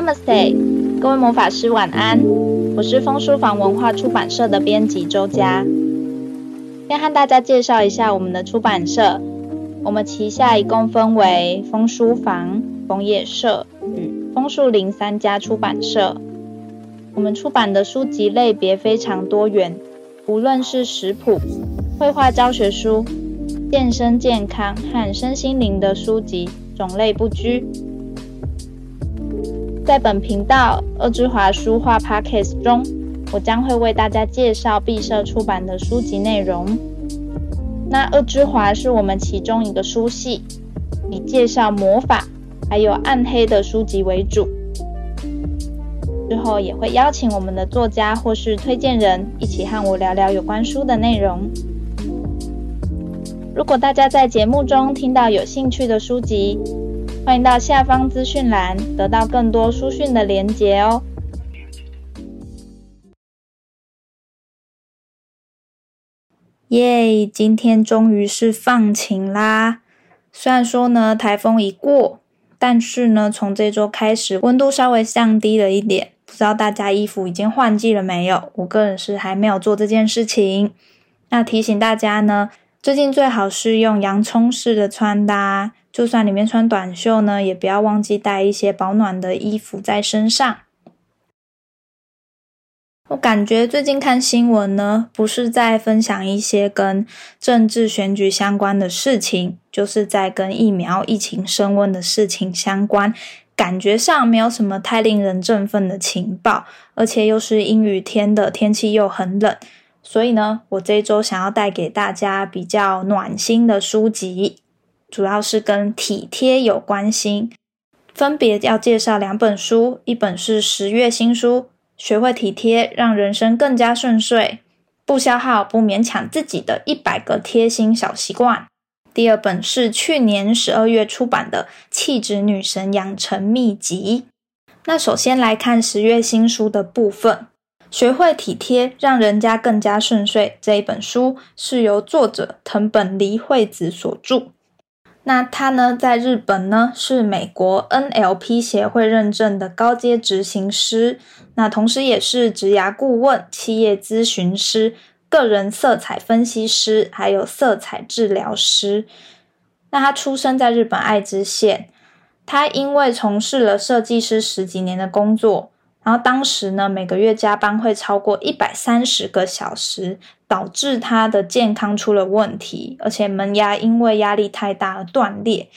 Namaste，各位魔法師晚安。我是楓書坊文化出版社的編輯周佳。先和大家介紹一下我們的出版社。我們旗下一共分為楓書坊、楓葉社與楓樹林三家出版社。我們出版的書籍類別非常多元，無論是食譜、繪畫教學書、健身健康和身心靈的書籍，種類不拘。在本頻道“惡之華書話 Podcast 中，我將會為大家介紹敝社出版的書籍內容。那惡之華是我們其中一個書系，以介紹魔法還有暗黑的書籍為主。之後也會邀請我們的作家或是推薦人一起和我聊聊有關書的內容。如果大家在節目中聽到有興趣的書籍，歡迎到下方資訊欄得到更多書訊的連結哦。耶，今天終於是放晴啦！雖然說呢，台風一過，但是呢從這週開始溫度稍微降低了一點，不知道大家衣服已經換季了沒有？我個人是還沒有做這件事情。那提醒大家呢。最近最好是用洋蔥式的穿搭，就算裡面穿短袖呢，也不要忘記帶一些保暖的衣服在身上。我感覺最近看新聞呢，不是在分享一些跟政治選舉相關的事情，就是在跟疫苗、疫情升溫的事情相關。感覺上沒有什麼太令人振奮的情報，而且又是陰雨天的，天氣又很冷。所以呢，我這一周想要帶給大家比較暖心的書籍，主要是跟體貼有關係。分別要介紹兩本書，一本是十月新書《學會體貼，讓人生更加順遂》，不消耗、不勉強自己的一百個貼心小習慣。第二本是去年十二月出版的《氣質女神養成密技》。那首先來看十月新書的部分。學會體貼，讓人家更加順遂。這一本書是由作者藤本黎惠子所著。那她呢，在日本呢是美國 NLP 協會認證的高階執行師，那同時也是職涯顧問、企業諮詢師、個人色彩分析師，還有色彩治療師。那她出生在日本愛知縣，她因為從事了設計師十幾年的工作。然後當時呢，每個月加班會超過一百三十個小時，導致他的健康出了問題，而且門牙因為壓力太大而斷裂。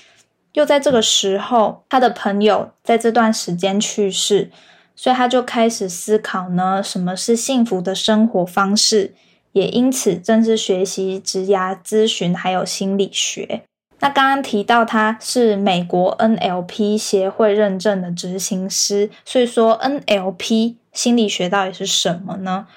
又在這個時候，他的朋友在這段時間去世，所以他就開始思考呢，什麼是幸福的生活方式。也因此，正式學習職涯諮詢還有心理學。那剛剛提到他是美國 NLP 協會認證的執行師，所以說 NLP 心理學到底是什麼呢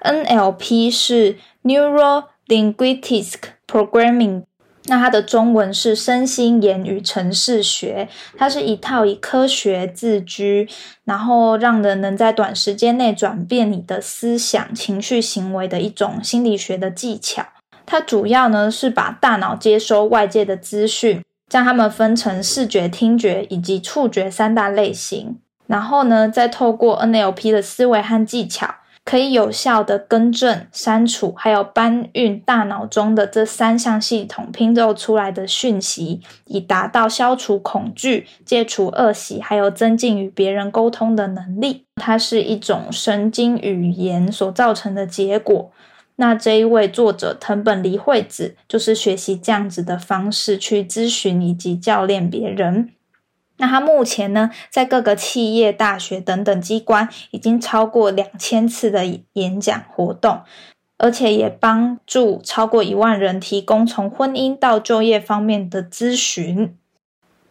？NLP 是 Neuro Linguistic Programming，那它的中文是身心言語程式學，它是一套以科學自居，然後讓人能在短時間內轉變你的思想、情緒、行為的一種心理學的技巧。它主要呢是把大腦接收外界的資訊，將它們分成視覺、聽覺以及觸覺三大類型，然後呢再透過 NLP 的思維和技巧，可以有效的更正、刪除，還有搬運大腦中的這三項系統拼湊出來的訊息，以達到消除恐懼、戒除惡習，還有增進與別人溝通的能力。它是一種神經語言所造成的結果。那這一位作者藤本梨惠子，就是學習這樣子的方式去諮詢以及教練別人。那他目前呢，在各個企業、大學等等機關，已經超過兩千次的演講活動，而且也幫助超過一萬人提供從婚姻到就業方面的諮詢。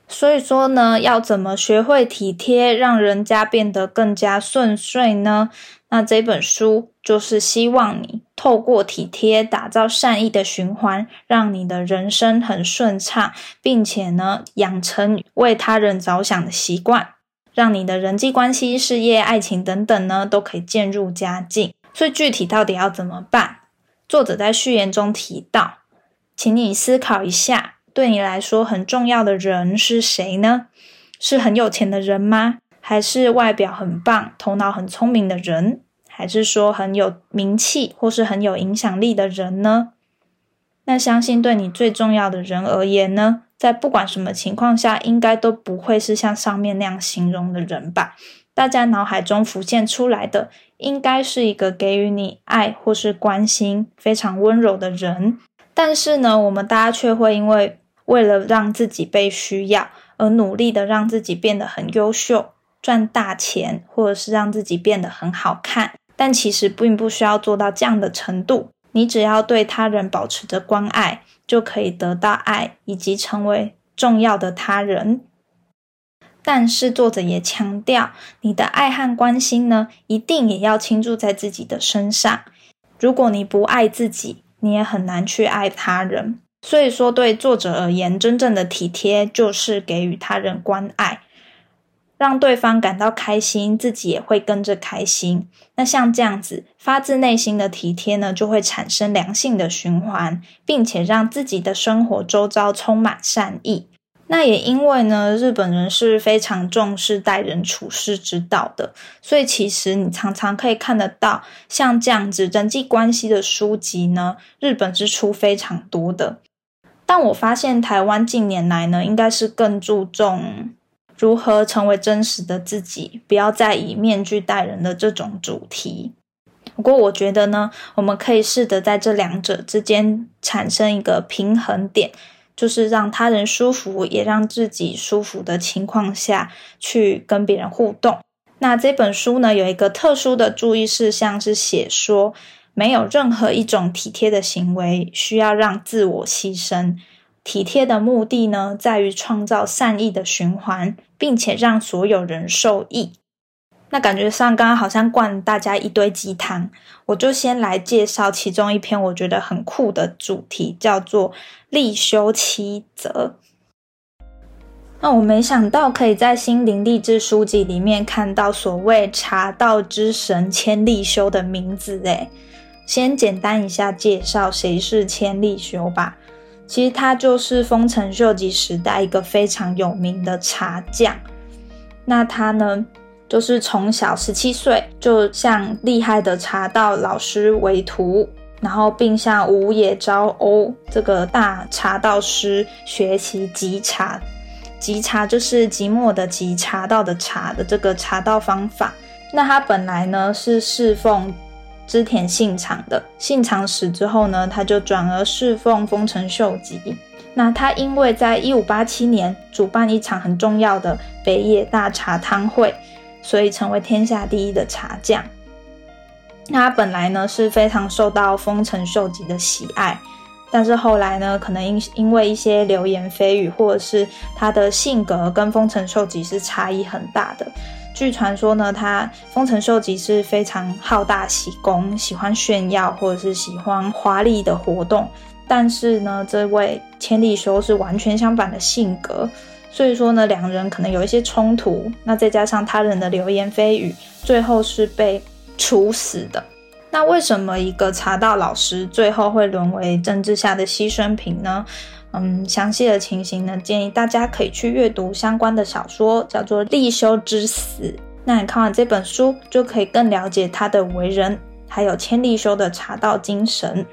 所以說呢，要怎麼學會體貼，讓人家變得更加順遂呢？那這本書。就是希望你透過體貼打造善意的循環，讓你的人生很順暢，並且呢，養成為他人着想的習慣，讓你的人際關係、事業、愛情等等呢，都可以漸入佳境。所以具體到底要怎麼辦？作者在序言中提到，請你思考一下，對你來說很重要的人是誰呢？是很有錢的人嗎？還是外表很棒、頭腦很聰明的人？還是說很有名氣或是很有影響力的人呢？那相信對你最重要的人而言呢，在不管什麼情況下，應該都不會是像上面那樣形容的人吧？大家腦海中浮現出來的，應該是一個給予你愛或是關心、非常溫柔的人。但是呢，我們大家卻會因為為了讓自己被需要，而努力的讓自己變得很優秀、賺大錢，或者是讓自己變得很好看。但其實並不需要做到這樣的程度，你只要對他人保持着關愛，就可以得到愛以及成為重要的他人。但是作者也強調，你的愛和關心呢，一定也要傾注在自己的身上。如果你不愛自己，你也很難去愛他人。所以說，對作者而言，真正的體貼就是給予他人關愛。讓對方感到開心，自己也會跟着開心。那像這樣子發自內心的體貼呢，就會產生良性的循環，並且讓自己的生活周遭充滿善意。那也因為呢，日本人是非常重視待人處事之道的，所以其實你常常可以看得到像這樣子人際關係的書籍呢，日本是出非常多的。但我發現台灣近年來呢，應該是更注重。如何成為真實的自己，不要再以面具待人的這種主題。不過，我覺得呢，我們可以試着在這兩者之間產生一個平衡點，就是讓他人舒服，也讓自己舒服的情況下去跟別人互動。那這本書呢，有一個特殊的注意事項是寫說，沒有任何一種體貼的行為需要讓自我犧牲。體貼的目的呢，在於創造善意的循環。並且讓所有人受益，那感覺上剛剛好像灌大家一堆雞湯。我就先來介紹其中一篇我覺得很酷的主題，叫做利休七則。那我沒想到可以在心靈勵志書籍裡面看到所謂茶道之神千利休的名字哎。先簡單一下介紹誰是千利休吧。其實他就是豐臣秀吉時代一個非常有名的茶匠。那他呢，就是從小十七歲就向厲害的茶道老師為徒，然後並向武野紹鷗這個大茶道師學習吉茶。吉茶就是吉墨的吉茶道的茶的這個茶道方法。那他本來呢是侍奉。織田信長的，信長死之後呢，他就轉而侍奉豐臣秀吉。那他因為在一五八七年主辦一場很重要的北野大茶湯會，所以成為天下第一的茶匠。那他本來呢是非常受到豐臣秀吉的喜愛，但是後來呢，可能因因為一些流言蜚語，或者是他的性格跟豐臣秀吉是差異很大的。據傳說呢，他豐臣秀吉是非常好大喜功、喜歡炫耀或者是喜歡華麗的活動，但是呢，這位千利休是完全相反的性格，所以說呢，兩人可能有一些衝突，那再加上他人的流言蜚語，最後是被處死的。那為什麼一個茶道老師最後會淪為政治下的犧牲品呢？嗯，詳細的情形呢，建議大家可以去閱讀相關的小說，叫做《利休之死》。那你看完這本書，就可以更了解他的為人，還有千利休的茶道精神。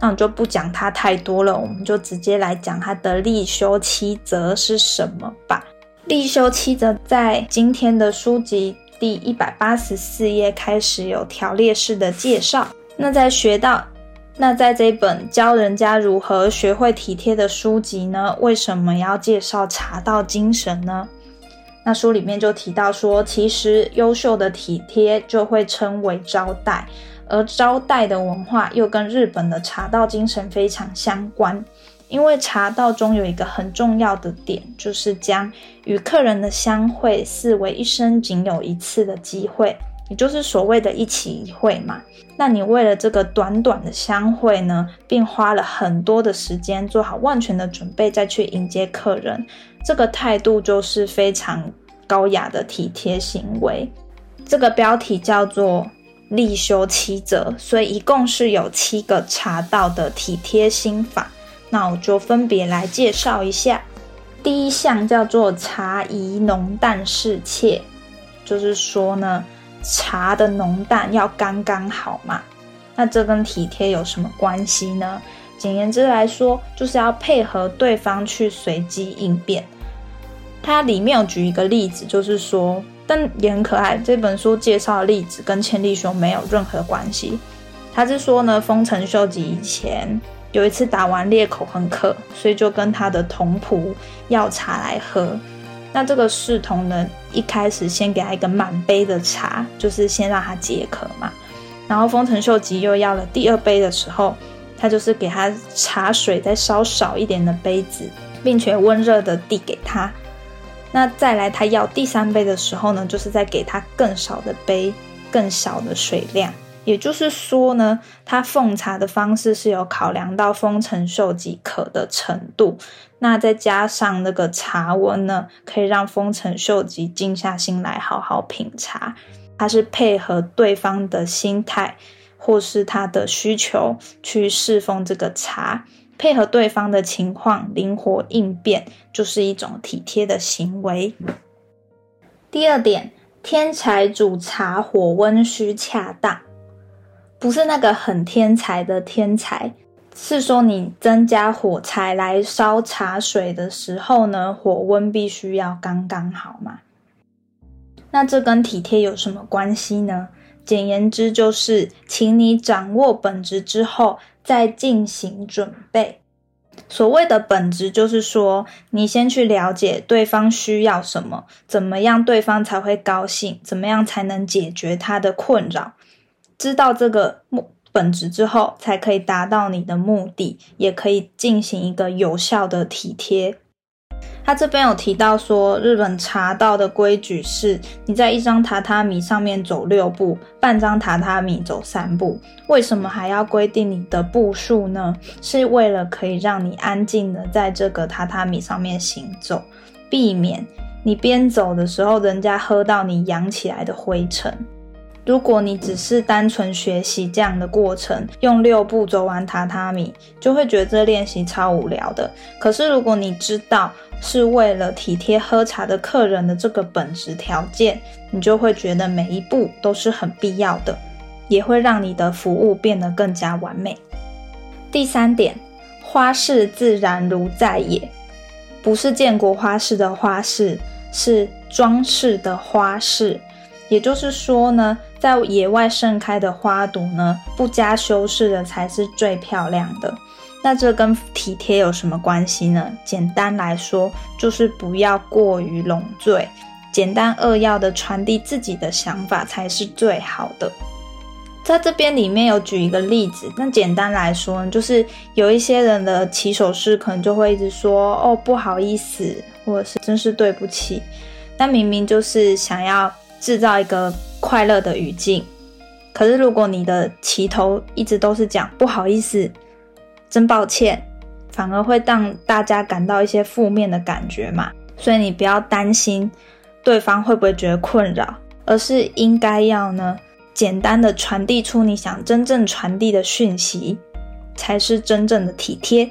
那我就不講他太多了，我們就直接來講他的利休七則是什麼吧。利休七則在今天的書籍。第一百八十四頁開始有條列式的介紹。那在學到，那在這本教人家如何學會體貼的書籍呢？為什麼要介紹茶道精神呢？那書裡面就提到說，其實優秀的體貼就會稱為招待，而招待的文化又跟日本的茶道精神非常相關。因為茶道中有一個很重要的點，就是將與客人的相會視為一生僅有一次的機會，也就是所謂的一期一會嘛。那你為了這個短短的相會呢，並花了很多的時間做好萬全的準備，再去迎接客人，這個態度就是非常高雅的體貼行為。這個標題叫做利休七則，所以一共是有七個茶道的體貼心法。那我就分別來介紹一下，第一項叫做茶宜濃淡適切，就是說呢，茶的濃淡要剛剛好嘛。那這跟體貼有什麼關係呢？簡言之類來說，就是要配合對方去隨機應變。它裡面有舉一個例子，就是說，但也很可愛。這本書介紹的例子跟千利休沒有任何關係。他是說呢，豐臣秀吉以前。有一次打完裂口很渴，所以就跟他的同僕要茶來喝。那這個侍童呢，一開始先給他一個滿杯的茶，就是先讓他解渴嘛。然後豐臣秀吉又要了第二杯的時候，他就是給他茶水再稍少一點的杯子，並且溫熱的遞給他。那再來他要第三杯的時候呢，就是再給他更少的杯、更少的水量。也就是說呢，他奉茶的方式是有考量到豐臣秀吉渴的程度，那再加上那個茶溫呢，可以讓豐臣秀吉靜下心來好好品茶。他是配合對方的心態或是他的需求去侍奉這個茶，配合對方的情況靈活應變，就是一種體貼的行為。第二點，添柴煮茶火溫需恰當。不是那個很天才的天才，是說你增加火柴來燒茶水的時候呢，火溫必須要剛剛好嘛。那這跟體貼有什麼關係呢？簡言之，就是請你掌握本質之後再進行準備。所謂的本質，就是說你先去了解對方需要什麼，怎麼樣對方才會高興，怎麼樣才能解決他的困擾。知道這個本質之後，才可以達到你的目的，也可以進行一個有效的體貼。他這邊有提到說，日本茶道的規矩是，你在一張榻榻米上面走六步，半張榻榻米走三步。為什麼還要規定你的步數呢？是為了可以讓你安靜的在這個榻榻米上面行走，避免你邊走的時候，人家喝到你揚起來的灰塵。如果你只是單純學習這樣的過程，用六步走完榻榻米，就會覺得這練習超無聊的。可是如果你知道是為了體貼喝茶的客人的這個本質條件，你就會覺得每一步都是很必要的，也會讓你的服務變得更加完美。第三點，花飾自然如在野，也不是建國花市的花市，是裝飾的花飾。也就是說呢，在野外盛開的花朵呢，不加修飾的才是最漂亮的。那這跟體貼有什麼關係呢？簡單來說，就是不要過於隆重。簡單扼要的傳遞自己的想法才是最好的。在這邊裡面有舉一個例子，那簡單來說呢，就是有一些人的起手式可能就會一直說：“哦，不好意思，或者是真是對不起。”那明明就是想要。製造一個快樂的語境，可是如果你的起頭一直都是講不好意思、真抱歉，反而會讓大家感到一些負面的感覺嘛。所以你不要擔心對方會不會覺得困擾，而是應該要呢，簡單的傳遞出你想真正傳遞的訊息，才是真正的體貼。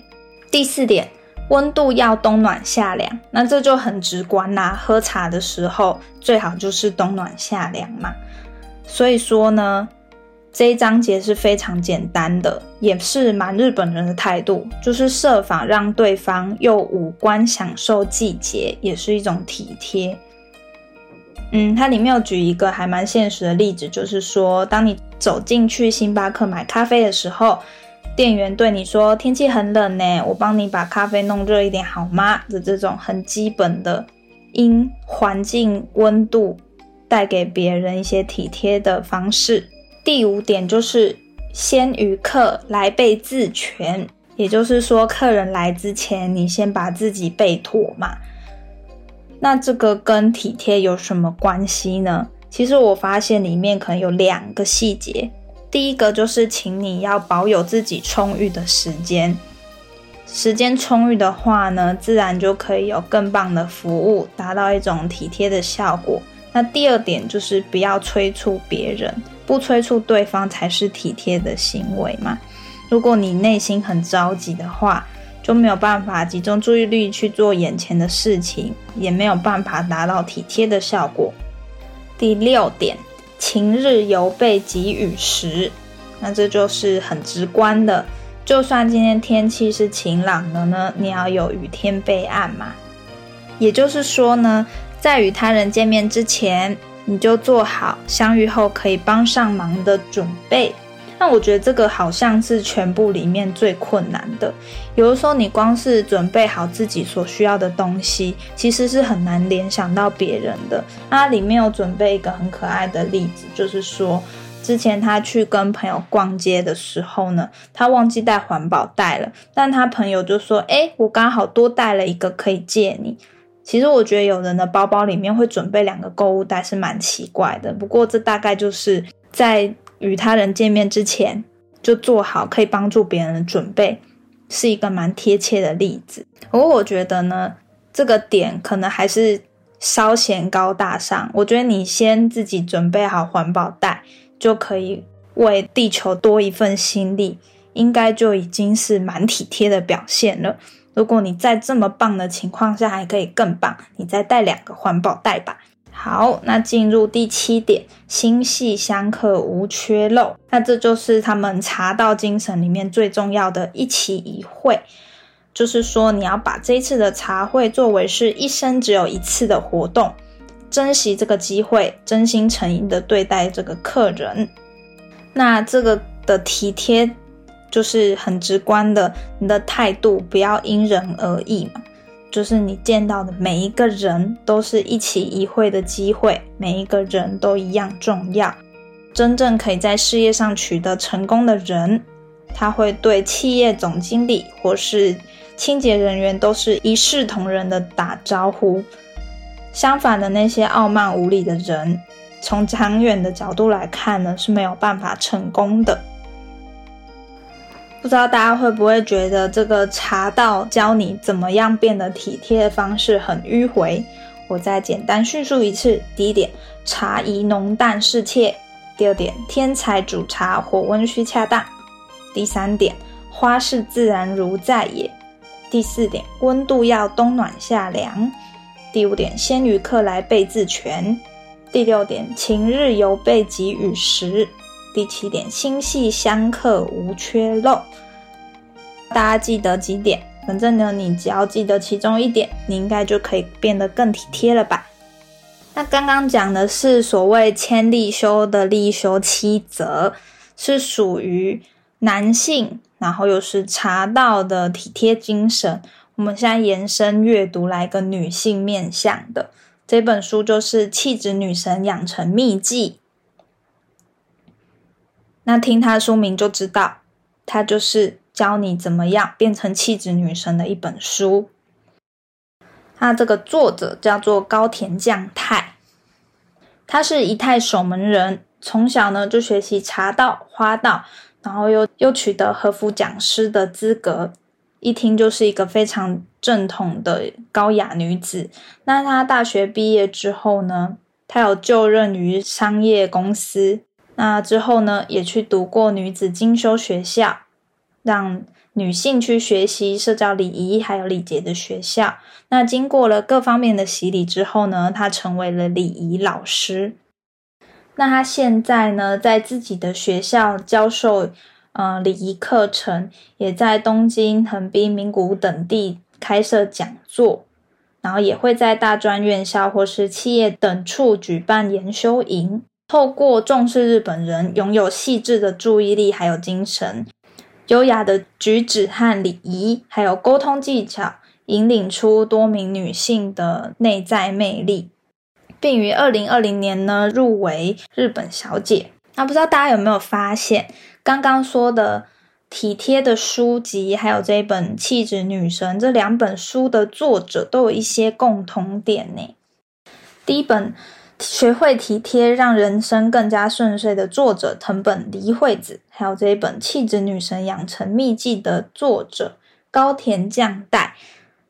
第四點。溫度要冬暖夏涼，那這就很直觀啦。喝茶的時候最好就是冬暖夏涼嘛。所以說呢，這一章節是非常簡單的，也是蠻日本人的態度，就是設法讓對方用五官享受季節，也是一種體貼。嗯，它裡面有舉一個還蠻現實的例子，就是說，當你走進去星巴克買咖啡的時候。店員對你說：“天氣很冷呢、欸，我幫你把咖啡弄熱一點好嗎？”的這種很基本的因環境溫度帶給別人一些體貼的方式。第五點就是先於客來備自全，也就是說，客人來之前你先把自己備妥嘛。那這個跟體貼有什麼關係呢？其實我發現裡面可能有兩個細節。第一個就是，請你要保有自己充裕的時間。時間充裕的話呢，自然就可以有更棒的服務，達到一種體貼的效果。那第二點就是，不要催促別人，不催促對方才是體貼的行為嘛。如果你內心很着急的話，就沒有辦法集中注意力去做眼前的事情，也沒有辦法達到體貼的效果。第六點。晴日猶備急雨時，那這就是很直觀的。就算今天天氣是晴朗的呢，你要有雨天備案嘛。也就是說呢，在與他人見面之前，你就做好相遇後可以幫上忙的準備。那我覺得這個好像是全部裡面最困難的。有的時候你光是準備好自己所需要的東西，其實是很難聯想到別人的。啊，裡面有準備一個很可愛的例子，就是說之前他去跟朋友逛街的時候呢，他忘記帶環保袋了，但他朋友就說：“誒，我剛好多帶了一個可以借你。”其實我覺得有人的包包裡面會準備兩個購物袋是蠻奇怪的。不過這大概就是在。與他人見面之前就做好可以幫助別人的準備，是一個蠻貼切的例子。而、哦、我覺得呢，這個點可能還是稍嫌高大上。我覺得你先自己準備好環保袋，就可以為地球多一份心力，應該就已經是蠻體貼的表現了。如果你在這麼棒的情況下還可以更棒，你再帶兩個環保袋吧。好，那進入第七點，心繫相客無缺漏。那這就是他們茶道精神裡面最重要的一期一會，就是說你要把這次的茶會作為是一生只有一次的活動，珍惜這個機會，真心誠意的對待這個客人。那這個的體貼，就是很直觀的，你的態度不要因人而異嘛。就是你見到的每一個人，都是一期一會的機會，每一個人都一樣重要。真正可以在事業上取得成功的人，他會對企業總經理或是清潔人員都是一視同仁的打招呼。相反的，那些傲慢無禮的人，從長遠的角度來看呢，是沒有辦法成功的。不知道大家會不會覺得這個茶道教你怎麼樣變得體貼的方式很迂迴？我再簡單敘述一次：第一點，茶宜濃淡適切；第二點，添柴煮茶火溫需恰當；第三點，花飾自然如在野；第四點，溫度要冬暖夏涼；第五點，先於客來備自全；第六點，晴日猶備急雨時。第七點，心繫相客無缺漏。大家記得幾點？反正呢，你只要記得其中一點，你應該就可以變得更體貼了吧？那剛剛講的是所謂千利休的利休七則，是屬於男性，然後又是茶道的體貼精神。我們現在延伸閱讀，來一個女性面向的這本書，就是《氣質女神養成密技》。那聽他的書名就知道，他就是教你怎麼樣變成氣質女神的一本書。那這個作者叫做高田將太，他是儀態守門人，從小呢就學習茶道、花道，然後又又取得和服講師的資格，一聽就是一個非常正統的高雅女子。那他大學畢業之後呢，他有就任於商業公司。那之後呢，也去讀過女子精修學校，讓女性去學習社交禮儀還有禮節的學校。那經過了各方面的洗禮之後呢，她成為了禮儀老師。那她現在呢，在自己的學校教授呃禮儀課程，也在東京、橫濱、名古屋等地開設講座，然後也會在大專院校或是企業等處舉辦研修營。透過重視日本人擁有細緻的注意力，還有精神優雅的舉止和禮儀，還有溝通技巧，引領出多名女性的內在魅力，並於二零二零年呢入圍日本小姐。那不知道大家有沒有發現，剛剛說的體貼的書籍，還有這一本《氣質女神》這兩本書的作者都有一些共同點呢？第一本。學會體貼，讓人生更加順遂的作者藤本梨惠子，還有這一本氣質女神養成密技的作者高田將代，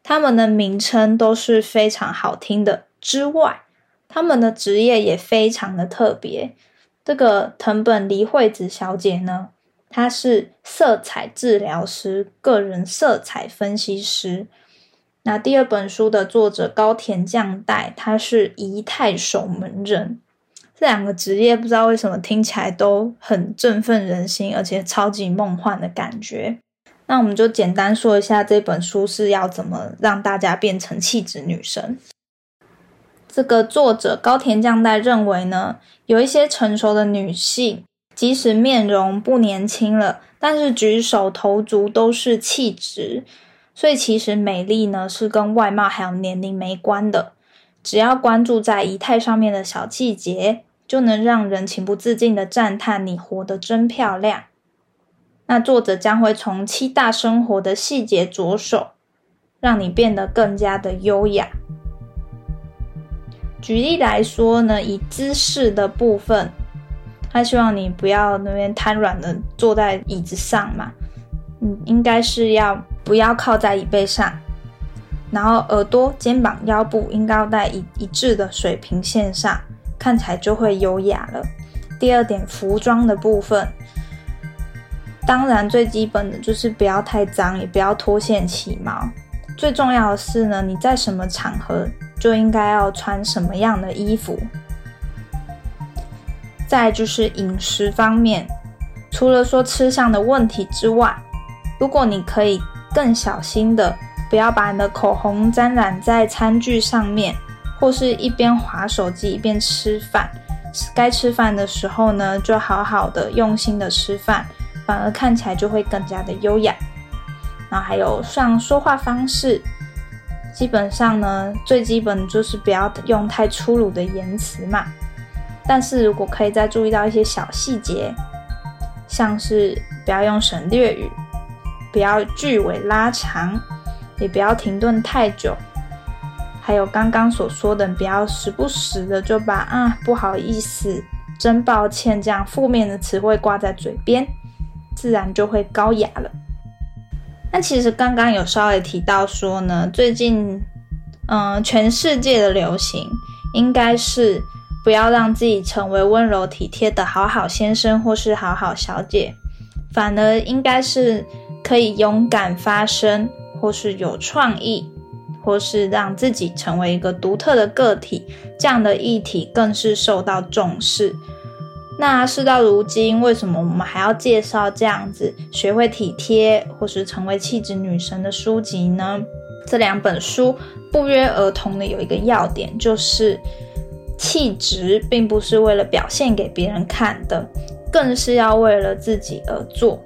他們的名稱都是非常好聽的，之外，他們的職業也非常的特別。這個藤本梨惠子小姐呢，她是色彩治療師，個人色彩分析師。那第二本書的作者高田將代，他是儀態守門人，這兩個職業不知道為什麼聽起來都很振奮人心，而且超級夢幻的感覺。那我們就簡單說一下這本書是要怎麼讓大家變成氣質女神。這個作者高田將代認為呢，有一些成熟的女性，即使面容不年輕了，但是舉手投足都是氣質。所以其實美麗呢是跟外貌還有年齡沒關的,只要關注在儀態上面的小細節,就能讓人情不自禁的讚嘆你活得真漂亮。那作者將會從七大生活的細節着手,讓你變得更加的優雅。舉例來說呢,以姿勢的部分,他希望你不要那邊癱軟的坐在椅子上嘛。應該是要不要靠在椅背上，然後耳朵、肩膀、腰部應該要在一一致的水平線上，看起來就會優雅了。第二點，服裝的部分，當然最基本的就是不要太髒，也不要脫線起毛。最重要的是呢，你在什麼場合就應該要穿什麼樣的衣服。再就是飲食方面，除了說吃相的問題之外，如果你可以更小心的，不要把你的口紅沾染在餐具上面，或是一邊滑手機一邊吃飯，該吃飯的時候呢，就好好的用心的吃飯，反而看起來就會更加的優雅。然後還有像說話方式，基本上呢，最基本就是不要用太粗魯的言辭嘛。但是如果可以再注意到一些小細節，像是不要用省略語。不要句尾拉長，也不要停頓太久。還有剛剛所說的，不要時不時的就把“啊、嗯，不好意思，真抱歉”這樣負面的詞彙掛在嘴邊，自然就會高雅了。那其實剛剛有稍微提到說呢，最近，嗯、呃，全世界的流行應該是不要讓自己成為溫柔體貼的好好先生或是好好小姐，反而應該是。可以勇敢發聲，或是有創意，或是讓自己成為一個獨特的個體，這樣的議題更是受到重視。那事到如今，為什麼我們還要介紹這樣子學會體貼或是成為氣質女神的書籍呢？這兩本書不約而同的有一個要點，就是氣質並不是為了表現給別人看的，更是要為了自己而做。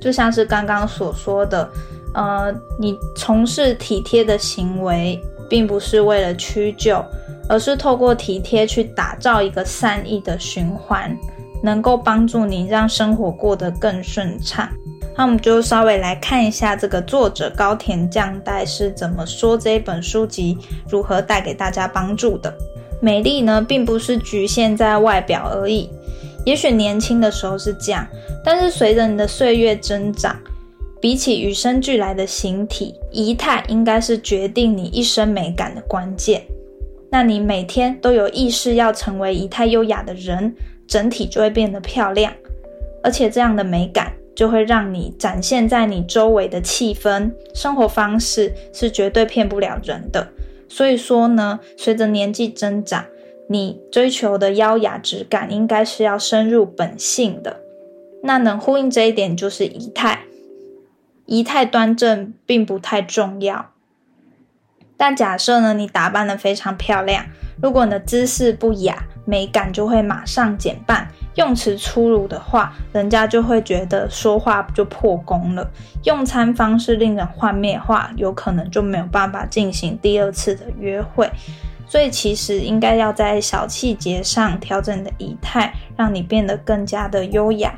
就像是剛剛所說的，呃，你從事體貼的行為，並不是為了屈就，而是透過體貼去打造一個善意的循環，能夠幫助你讓生活過得更順暢。那、啊、我們就稍微來看一下這個作者高田將代是怎麼說這一本書籍如何帶給大家幫助的。美麗呢，並不是局限在外表而已。也許年輕的時候是這樣，但是隨着你的歲月增長，比起與生俱來的形體，儀態應該是決定你一生美感的關鍵。那你每天都有意識要成為儀態優雅的人，整體就會變得漂亮，而且這樣的美感就會讓你展現在你周圍的氣氛、生活方式是絕對騙不了人的。所以說呢，隨着年紀增長。你追求的優雅質感，應該是要深入本性的。那能呼應這一點就是儀態。儀態端正並不太重要，但假設呢，你打扮得非常漂亮，如果你的姿勢不雅，美感就會馬上減半。用詞粗魯的話，人家就會覺得說話就破功了。用餐方式令人幻滅的話，有可能就沒有辦法進行第二次的約會。所以其實應該要在小細節上調整你的儀態，讓你變得更加的優雅。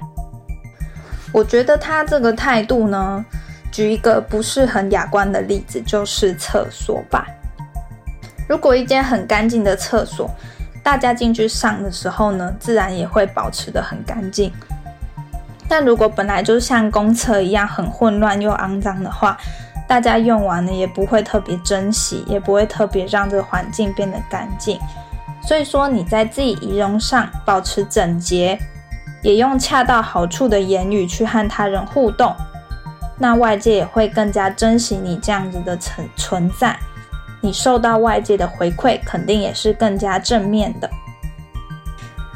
我覺得他這個態度呢，舉一個不是很雅觀的例子，就是廁所吧。如果一間很乾淨的廁所，大家進去上的時候呢，自然也會保持得很乾淨。但如果本來就像公廁一樣很混亂又骯髒的話，大家用完了也不會特別珍惜，也不會特別讓這個環境變得乾淨，所以說你在自己儀容上保持整潔，也用恰到好處的言語去和他人互動，那外界也會更加珍惜你這樣子的存存在，你受到外界的回饋肯定也是更加正面的。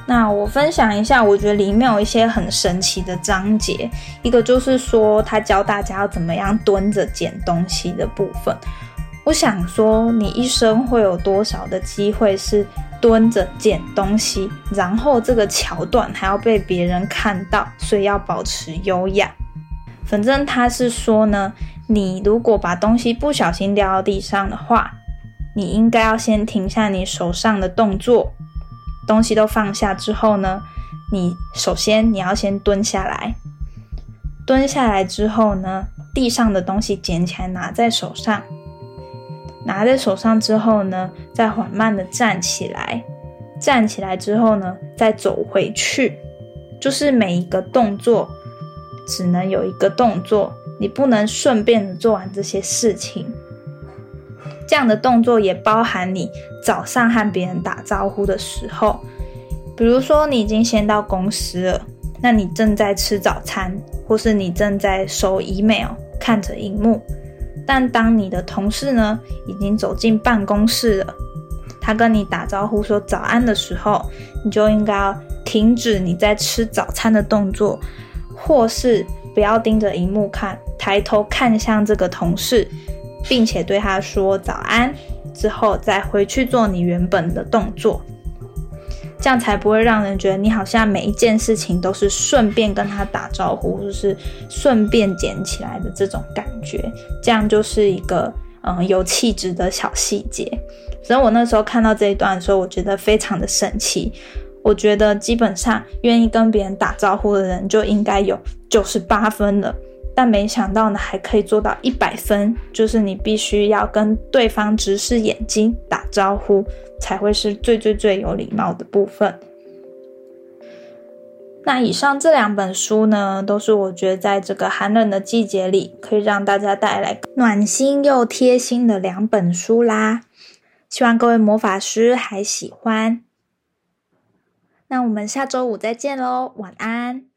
那我分享一下，我覺得裡面有一些很神奇的章節，一個就是說他教大家要怎麼樣蹲着撿東西的部分。我想說，你一生會有多少的機會是蹲着撿東西，然後這個橋段還要被別人看到，所以要保持優雅。反正他是說呢，你如果把東西不小心掉到地上的話，你應該要先停下你手上的動作。東西都放下之後呢，你首先你要先蹲下來，蹲下來之後呢，地上的東西撿起來拿在手上，拿在手上之後呢，再緩慢的站起來，站起來之後呢，再走回去，就是每一個動作只能有一個動作，你不能順便的做完這些事情。這樣的動作也包含你早上和別人打招呼的時候，比如說你已經先到公司了，那你正在吃早餐，或是你正在收 email，看着熒幕。但當你的同事呢已經走進辦公室了，他跟你打招呼說早安的時候，你就應該要停止你在吃早餐的動作，或是不要盯着熒幕看，抬頭看向這個同事。並且對他說早安，之後再回去做你原本的動作，這樣才不會讓人覺得你好像每一件事情都是順便跟他打招呼，或、就是順便撿起來的這種感覺。這樣就是一個嗯有氣質的小細節。所以，我那時候看到這一段的時候，我覺得非常的神奇。我覺得基本上願意跟別人打招呼的人，就應該有九十八分了。但沒想到呢，還可以做到一百分，就是你必須要跟對方直視眼睛打招呼，才會是最最最有禮貌的部分。那以上這兩本書呢，都是我覺得在這個寒冷的季節裡，可以讓大家帶來暖心又貼心的兩本書啦。希望各位魔法師還喜歡。那我們下週五再見嘍，晚安。